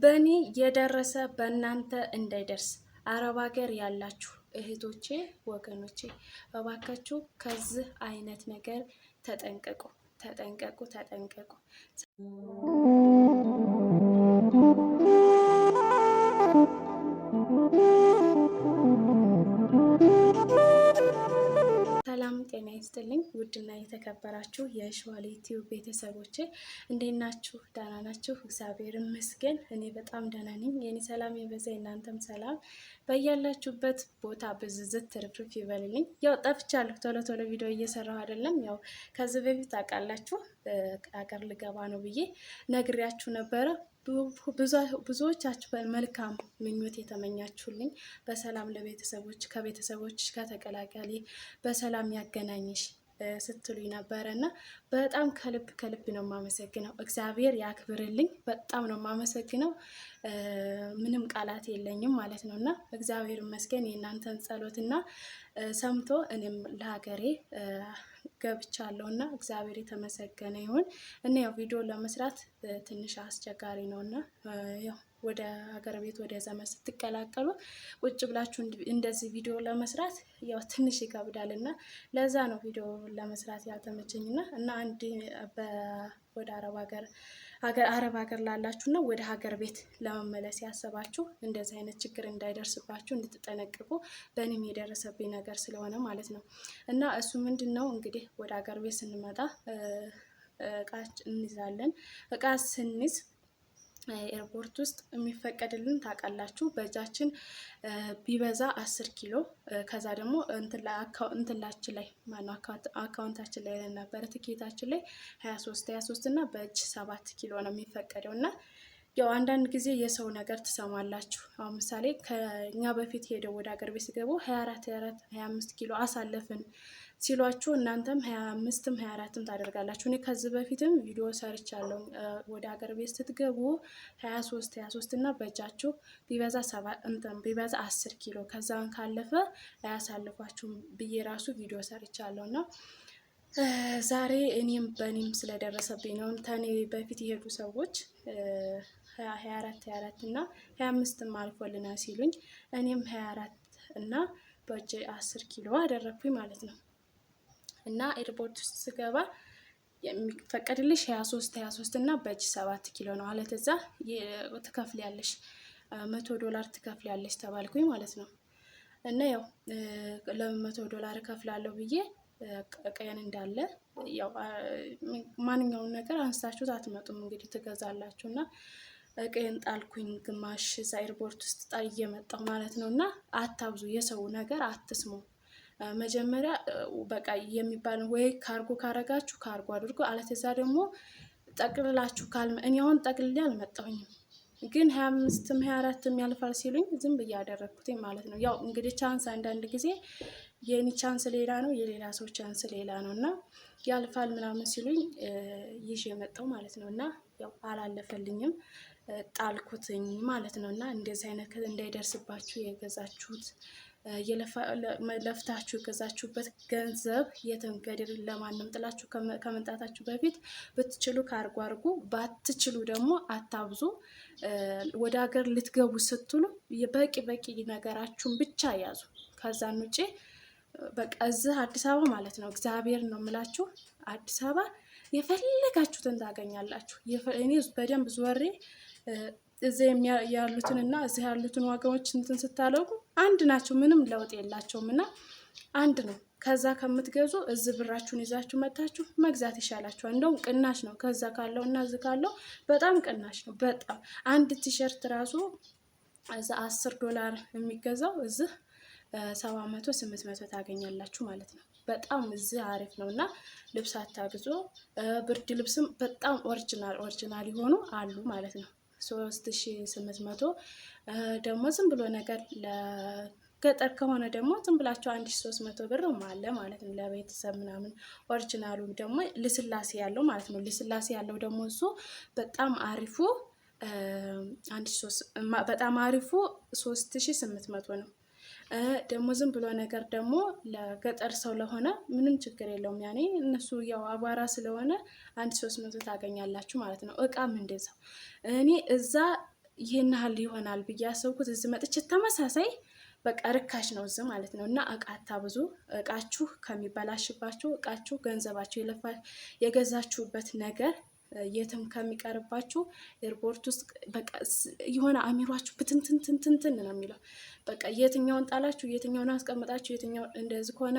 በእኔ የደረሰ በእናንተ እንዳይደርስ አረብ ሀገር ያላችሁ እህቶቼ ወገኖቼ፣ በባካችሁ ከዚህ አይነት ነገር ተጠንቀቁ፣ ተጠንቀቁ፣ ተጠንቀቁ። ይስጥልኝ ውድና የተከበራችሁ የሸዋሌ ቲዩብ ቤተሰቦቼ እንዴት ናችሁ? ደህና ናችሁ? እግዚአብሔር ይመስገን እኔ በጣም ደህና ነኝ። የኔ ሰላም የበዛ የእናንተም ሰላም በያላችሁበት ቦታ ብዝዝት ትርፍርፍ ይበልልኝ። ያው ጠፍቻለሁ፣ ቶሎ ቶሎ ቪዲዮ እየሰራሁ አይደለም። ያው ከዚህ በፊት አውቃላችሁ አገር ልገባ ነው ብዬ ነግሬያችሁ ነበረ ብዙዎቻችሁ መልካም ምኞት የተመኛችሁልኝ በሰላም ለቤተሰቦች ከቤተሰቦች ከተቀላቀሌ በሰላም ያገናኝሽ ስትሉኝ ነበረ እና በጣም ከልብ ከልብ ነው የማመሰግነው። እግዚአብሔር ያክብርልኝ። በጣም ነው የማመሰግነው። ምንም ቃላት የለኝም ማለት ነው እና እግዚአብሔር ይመስገን የእናንተን ጸሎትና ሰምቶ እኔም ለሀገሬ ገብቻለሁ እና እግዚአብሔር የተመሰገነ ይሁን እና ያው ቪዲዮ ለመስራት ትንሽ አስቸጋሪ ነው እና ያው ወደ ሀገር ቤት ወደ ዘመን ስትቀላቀሉ ቁጭ ብላችሁ እንደዚህ ቪዲዮ ለመስራት ያው ትንሽ ይከብዳል እና ለዛ ነው ቪዲዮ ለመስራት ያልተመቸኝና እና አንድ ወደ አረብ ሀገር አረብ ሀገር ላላችሁ ላላችሁና ወደ ሀገር ቤት ለመመለስ ያሰባችሁ እንደዚህ አይነት ችግር እንዳይደርስባችሁ እንድትጠነቅቁ በእኔም የደረሰብኝ ነገር ስለሆነ ማለት ነው እና እሱ ምንድን ነው እንግዲህ ወደ ሀገር ቤት ስንመጣ እቃ እንይዛለን። እቃ ስንይዝ ኤርፖርት ውስጥ የሚፈቀድልን ታውቃላችሁ። በእጃችን ቢበዛ አስር ኪሎ ከዛ ደግሞ እንትላችን ላይ ማነው አካውንታችን ላይ ነበረ ትኬታችን ላይ ሀያ ሶስት ሀያ ሶስት እና በእጅ ሰባት ኪሎ ነው የሚፈቀደው እና ያው አንዳንድ ጊዜ የሰው ነገር ትሰማላችሁ። አሁን ምሳሌ ከኛ በፊት ሄደው ወደ ሀገር ቤት ሲገቡ ሀያ አራት ሀያ አራት ሀያ አምስት ኪሎ አሳለፍን ሲሏችሁ እናንተም ሀያ አምስትም ሀያ አራትም ታደርጋላችሁ። እኔ ከዚህ በፊትም ቪዲዮ ሰርቻለሁ። ወደ ሀገር ቤት ስትገቡ ሀያ ሶስት ሀያ ሶስት እና በእጃችሁ ቢበዛ ሰባ እንትን ቢበዛ አስር ኪሎ ከዛን ካለፈ አያሳልፏችሁም ብዬ ራሱ ቪዲዮ ሰርቻለሁ እና ዛሬ እኔም በእኔም ስለደረሰብኝ ነው። ተኔ በፊት የሄዱ ሰዎች ሀያ አራት ሀያ አራት እና ሀያ አምስትም አልፎልናል ሲሉኝ እኔም ሀያ አራት እና በእጅ አስር ኪሎ አደረግኩኝ ማለት ነው። እና ኤርፖርት ውስጥ ስገባ የሚፈቀድልሽ ሀያ ሶስት ሀያ ሶስት እና በእጅ ሰባት ኪሎ ነው አለ። ተዛ ትከፍያለሽ መቶ ዶላር ትከፍያለሽ ተባልኩኝ ማለት ነው። እና ያው ለመቶ ዶላር እከፍላለሁ ብዬ ቀየን እንዳለ ያው ማንኛውን ነገር አንስታችሁት አትመጡም። እንግዲህ ትገዛላችሁ እና እቃዬን ጣልኩኝ። ግማሽ ሳይርቦርት ውስጥ ጣል እየመጣሁ ማለት ነው። እና አታብዙ፣ የሰው ነገር አትስሙ። መጀመሪያ በቃ የሚባል ወይ ካርጎ ካረጋችሁ ካርጎ አድርጎ አለተዛ ደግሞ ጠቅልላችሁ ካል እኔ አሁን ጠቅልሌ አልመጣሁኝም ግን ሀያ አምስትም ሀያ አራትም ያልፋል ሲሉኝ ዝም ብዬ ማለት ነው። ያው እንግዲህ ቻንስ አንዳንድ ጊዜ የኔ ቻንስ ሌላ ነው፣ የሌላ ሰው ቻንስ ሌላ ነው እና ያልፋል ምናምን ሲሉኝ ይዤ የመጣው ማለት ነው እና ያው አላለፈልኝም። ጣልኩትኝ ማለት ነው። እና እንደዚህ አይነት እንዳይደርስባችሁ የገዛችሁት ለፍታችሁ የገዛችሁበት ገንዘብ የትም ገደል ለማንም ጥላችሁ ከመምጣታችሁ በፊት ብትችሉ ካርጎ አርጉ፣ ባትችሉ ደግሞ አታብዙ። ወደ ሀገር ልትገቡ ስትሉ በቂ በቂ ነገራችሁን ብቻ ያዙ። ከዛን ውጭ በቃ እዚህ አዲስ አበባ ማለት ነው እግዚአብሔር ነው የምላችሁ አዲስ አበባ የፈለጋችሁትን ታገኛላችሁ። እኔ በደንብ ዞሬ እዚ ያሉትን እና እዚህ ያሉትን ዋጋዎች እንትን ስታለጉ አንድ ናቸው፣ ምንም ለውጥ የላቸውም እና አንድ ነው። ከዛ ከምትገዙ እዚህ ብራችሁን ይዛችሁ መታችሁ መግዛት ይሻላችኋል። እንደውም ቅናሽ ነው። ከዛ ካለው እና እዚህ ካለው በጣም ቅናሽ ነው። በጣም አንድ ቲሸርት ራሱ እዚ አስር ዶላር የሚገዛው እዚህ ሰባ መቶ ስምንት መቶ ታገኛላችሁ ማለት ነው። በጣም እዚህ አሪፍ ነው እና ልብስ አታግዞ ብርድ ልብስም በጣም ኦሪጂናል ኦሪጂናል የሆኑ አሉ ማለት ነው። ሶስት ሺ ስምንት መቶ ደግሞ ዝም ብሎ ነገር ለገጠር ከሆነ ደግሞ ዝም ብላቸው አንድ ሺ ሶስት መቶ ብር አለ ማለት ነው ለቤተሰብ ምናምን። ኦሪጂናሉ ደግሞ ልስላሴ ያለው ማለት ነው። ልስላሴ ያለው ደግሞ እሱ በጣም አሪፉ በጣም አሪፉ ሶስት ሺ ስምንት መቶ ነው። ደግሞ ዝም ብሎ ነገር ደግሞ ለገጠር ሰው ለሆነ ምንም ችግር የለውም። ያኔ እነሱ ያው አቧራ ስለሆነ አንድ ሶስት መቶ ታገኛላችሁ ማለት ነው። እቃም እንደዛው እኔ እዛ ይህን ያህል ይሆናል ብዬ ያሰብኩት እዚህ መጥቼ ተመሳሳይ በቃ ርካሽ ነው እዚህ ማለት ነው። እና እቃ አታብዙ። እቃችሁ ከሚበላሽባችሁ፣ እቃችሁ ገንዘባችሁ የገዛችሁበት ነገር የትም ከሚቀርባችሁ ኤርፖርት ውስጥ በቃ የሆነ አሚሯችሁ ብትንትንትንትንትን ነው የሚለው። በቃ የትኛውን ጣላችሁ፣ የትኛውን አስቀምጣችሁ፣ የትኛው እንደዚህ ከሆነ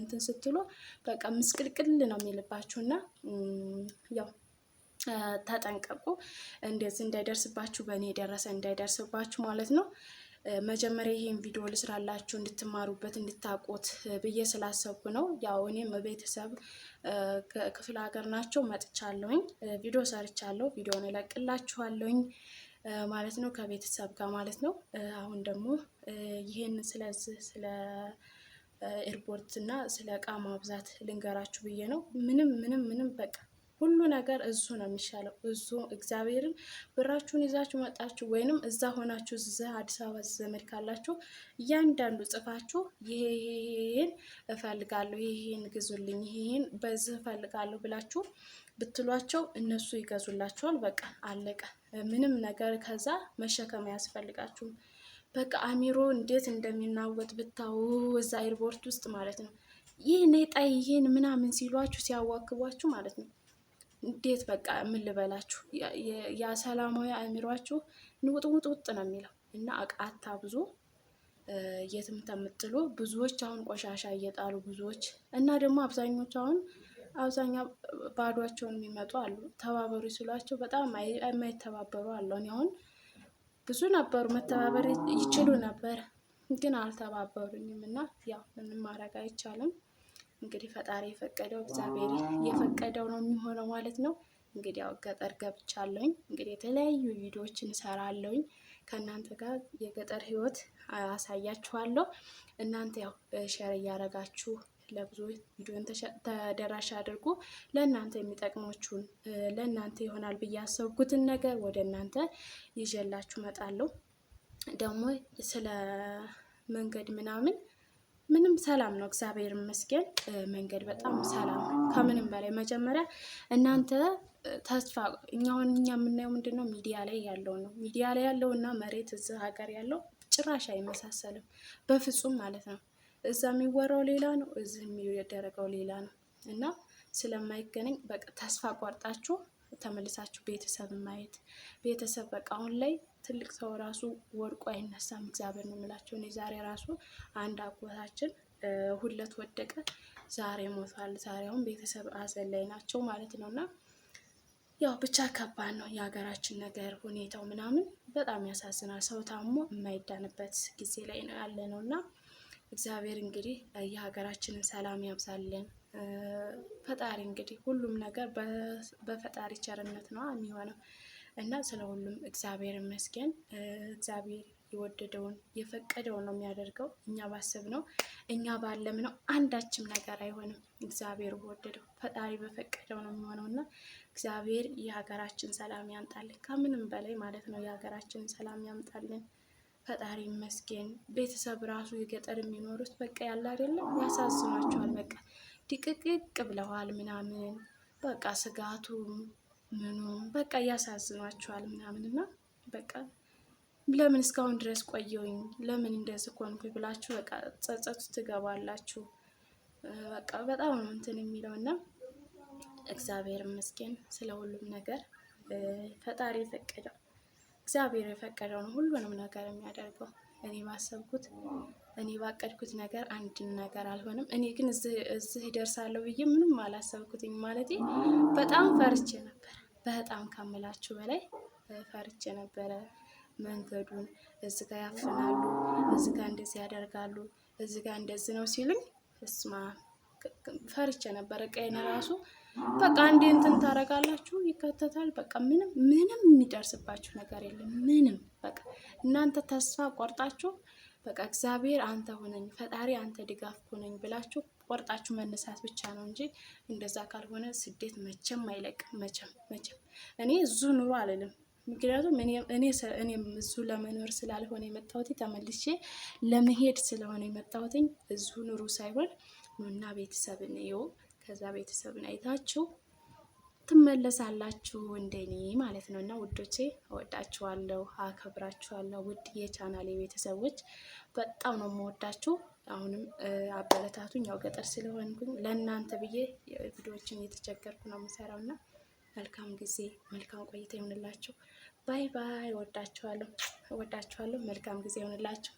እንትን ስትሉ በቃ ምስቅልቅል ነው የሚልባችሁ እና ያው ተጠንቀቁ። እንደዚህ እንዳይደርስባችሁ፣ በእኔ የደረሰ እንዳይደርስባችሁ ማለት ነው። መጀመሪያ ይሄን ቪዲዮ ልስራላችሁ እንድትማሩበት እንድታቆት ብዬ ስላሰብኩ ነው። ያው እኔም ቤተሰብ ክፍለ ሀገር ናቸው መጥቻለሁኝ። ቪዲዮ ሰርቻለሁ። ቪዲዮን እለቅላችኋለሁኝ ማለት ነው፣ ከቤተሰብ ጋር ማለት ነው። አሁን ደግሞ ይህን ስለዚህ ስለ ኤርፖርት እና ስለ እቃ ማብዛት ልንገራችሁ ብዬ ነው። ምንም ምንም ምንም በቃ ሁሉ ነገር እሱ ነው የሚሻለው። እሱ እግዚአብሔርን ብራችሁን ይዛችሁ መጣችሁ ወይንም እዛ ሆናችሁ ዘ አዲስ አበባ ዘመድ ካላችሁ እያንዳንዱ ጽፋችሁ ይሄ ይሄን እፈልጋለሁ፣ ይሄን ግዙልኝ፣ ይሄን በዚህ እፈልጋለሁ ብላችሁ ብትሏቸው እነሱ ይገዙላችኋል። በቃ አለቀ። ምንም ነገር ከዛ መሸከም አያስፈልጋችሁም። በቃ አሚሮ እንዴት እንደሚናወጥ ብታው እዛ ኤርፖርት ውስጥ ማለት ነው። ይህ ኔጣይ ይህን ምናምን ሲሏችሁ ሲያዋክቧችሁ ማለት ነው። እንዴት በቃ ምን ልበላችሁ፣ የሰላማዊ አእምሯችሁ ንውጥውጥውጥ ነው የሚለው እና አቃታ ብዙ የትም ተምጥሎ ብዙዎች አሁን ቆሻሻ እየጣሉ ብዙዎች እና ደግሞ አብዛኞቹ አሁን አብዛኛው ባዷቸውን የሚመጡ አሉ። ተባበሩ ሲሏቸው በጣም የማይተባበሩ አለውን እኔ አሁን ብዙ ነበሩ መተባበር ይችሉ ነበር፣ ግን አልተባበሩኝም እና ያው ምንም ማድረግ አይቻልም። እንግዲህ ፈጣሪ የፈቀደው እግዚአብሔር የፈቀደው ነው የሚሆነው ማለት ነው። እንግዲህ ያው ገጠር ገብቻለሁኝ። እንግዲህ የተለያዩ ቪዲዮዎችን እሰራለሁኝ ከእናንተ ጋር የገጠር ህይወት አሳያችኋለሁ። እናንተ ያው ሸር እያደረጋችሁ ለብዙ ቪዲዮን ተደራሽ አድርጉ። ለእናንተ የሚጠቅሞችሁን ለእናንተ ይሆናል ብዬ ያሰብኩትን ነገር ወደ እናንተ ይዤላችሁ እመጣለሁ። ደግሞ ስለ መንገድ ምናምን ምንም ሰላም ነው፣ እግዚአብሔር ይመስገን። መንገድ በጣም ሰላም ነው። ከምንም በላይ መጀመሪያ እናንተ ተስፋ እኛውን እኛ የምናየው ምንድን ነው? ሚዲያ ላይ ያለው ነው። ሚዲያ ላይ ያለው እና መሬት እዚህ ሀገር ያለው ጭራሽ አይመሳሰልም፣ በፍጹም ማለት ነው። እዛ የሚወራው ሌላ ነው፣ እዚህ የሚደረገው ሌላ ነው እና ስለማይገናኝ በቃ ተስፋ ቆርጣችሁ ተመልሳችሁ ቤተሰብ ማየት ቤተሰብ በቃ አሁን ላይ ትልቅ ሰው ራሱ ወድቆ አይነሳም። እግዚአብሔር ነው የምላቸው። እኔ ዛሬ ራሱ አንድ አጎታችን ሁለት ወደቀ፣ ዛሬ ሞቷል። ዛሬ አሁን ቤተሰብ አዘን ላይ ናቸው ማለት ነው። እና ያው ብቻ ከባድ ነው የሀገራችን ነገር ሁኔታው ምናምን በጣም ያሳዝናል። ሰው ታሞ የማይዳንበት ጊዜ ላይ ነው ያለ ነው እና እግዚአብሔር እንግዲህ የሀገራችንን ሰላም ያብዛልን። ፈጣሪ እንግዲህ ሁሉም ነገር በፈጣሪ ቸርነት ነው የሚሆነው እና ስለ ሁሉም እግዚአብሔር ይመስገን። እግዚአብሔር የወደደውን የፈቀደውን ነው የሚያደርገው። እኛ ነው እኛ ባለምነው አንዳችም ነገር አይሆንም። እግዚአብሔር በወደደው ፈጣሪ በፈቀደው ነው የሚሆነው እና እግዚአብሔር የሀገራችን ሰላም ያምጣልን፣ ከምንም በላይ ማለት ነው የሀገራችንን ሰላም ያምጣልን። ፈጣሪ ይመስገን። ቤተሰብ ራሱ የገጠር የሚኖሩት በቃ ያለ አይደለም ያሳዝናቸዋል። በቃ ድቅቅቅ ብለዋል ምናምን በቃ ስጋቱም ምኑም በቃ ያሳዝናቸዋል ምናምን እና በቃ ለምን እስካሁን ድረስ ቆየውኝ ለምን እንደዚህ ኮንኩ ብላችሁ በቃ ጸጸቱ ትገባላችሁ። በቃ በጣም ነው እንትን የሚለው እና እግዚአብሔር ይመስገን ስለ ሁሉም ነገር ፈጣሪ የፈቀደው እግዚአብሔር የፈቀደውን ሁሉንም ነገር የሚያደርገው እኔ ባሰብኩት እኔ ባቀድኩት ነገር አንድን ነገር አልሆንም። እኔ ግን እዚህ ይደርሳለሁ ብዬ ምንም አላሰብኩትኝ። ማለት በጣም ፈርቼ ነበር። በጣም ከምላችሁ በላይ ፈርቼ ነበረ። መንገዱን እዚ ጋ ያፍናሉ፣ እዚ ጋ እንደዚህ ያደርጋሉ፣ እዚ ጋ እንደዚህ ነው ሲሉኝ፣ እስማ ፈርቼ ነበረ ቀይን ራሱ በቃ አንድ እንትን ታደርጋላችሁ፣ ይከተታል። በቃ ምንም ምንም የሚደርስባችሁ ነገር የለም። ምንም በቃ እናንተ ተስፋ ቆርጣችሁ በቃ እግዚአብሔር አንተ ሆነኝ ፈጣሪ አንተ ድጋፍ ሆነኝ ብላችሁ ቆርጣችሁ መነሳት ብቻ ነው እንጂ እንደዛ ካልሆነ ስደት መቼም አይለቅም። መቼም መቼም እኔ እዙ ኑሮ አልልም። ምክንያቱም እኔም እዙ ለመኖር ስላልሆነ የመጣሁት ተመልሼ ለመሄድ ስለሆነ የመጣሁትኝ እዙ ኑሩ ሳይሆን ኑና ቤተሰብን ይኸው ከዛ ቤተሰብን አይታችሁ ትመለሳላችሁ እንደኔ ማለት ነው። እና ውዶቼ እወዳችኋለሁ፣ አከብራችኋለሁ። ውድ የቻናሌ ቤተሰቦች በጣም ነው የምወዳችሁ። አሁንም አበረታቱኝ። ያው ገጠር ስለሆንኩኝ ለእናንተ ብዬ ቪዲዮዎችን እየተቸገርኩ ነው የምሰራው እና መልካም ጊዜ መልካም ቆይታ ይሆንላችሁ። ባይ ባይ። እወዳችኋለሁ፣ እወዳችኋለሁ። መልካም ጊዜ ይሆንላችሁ።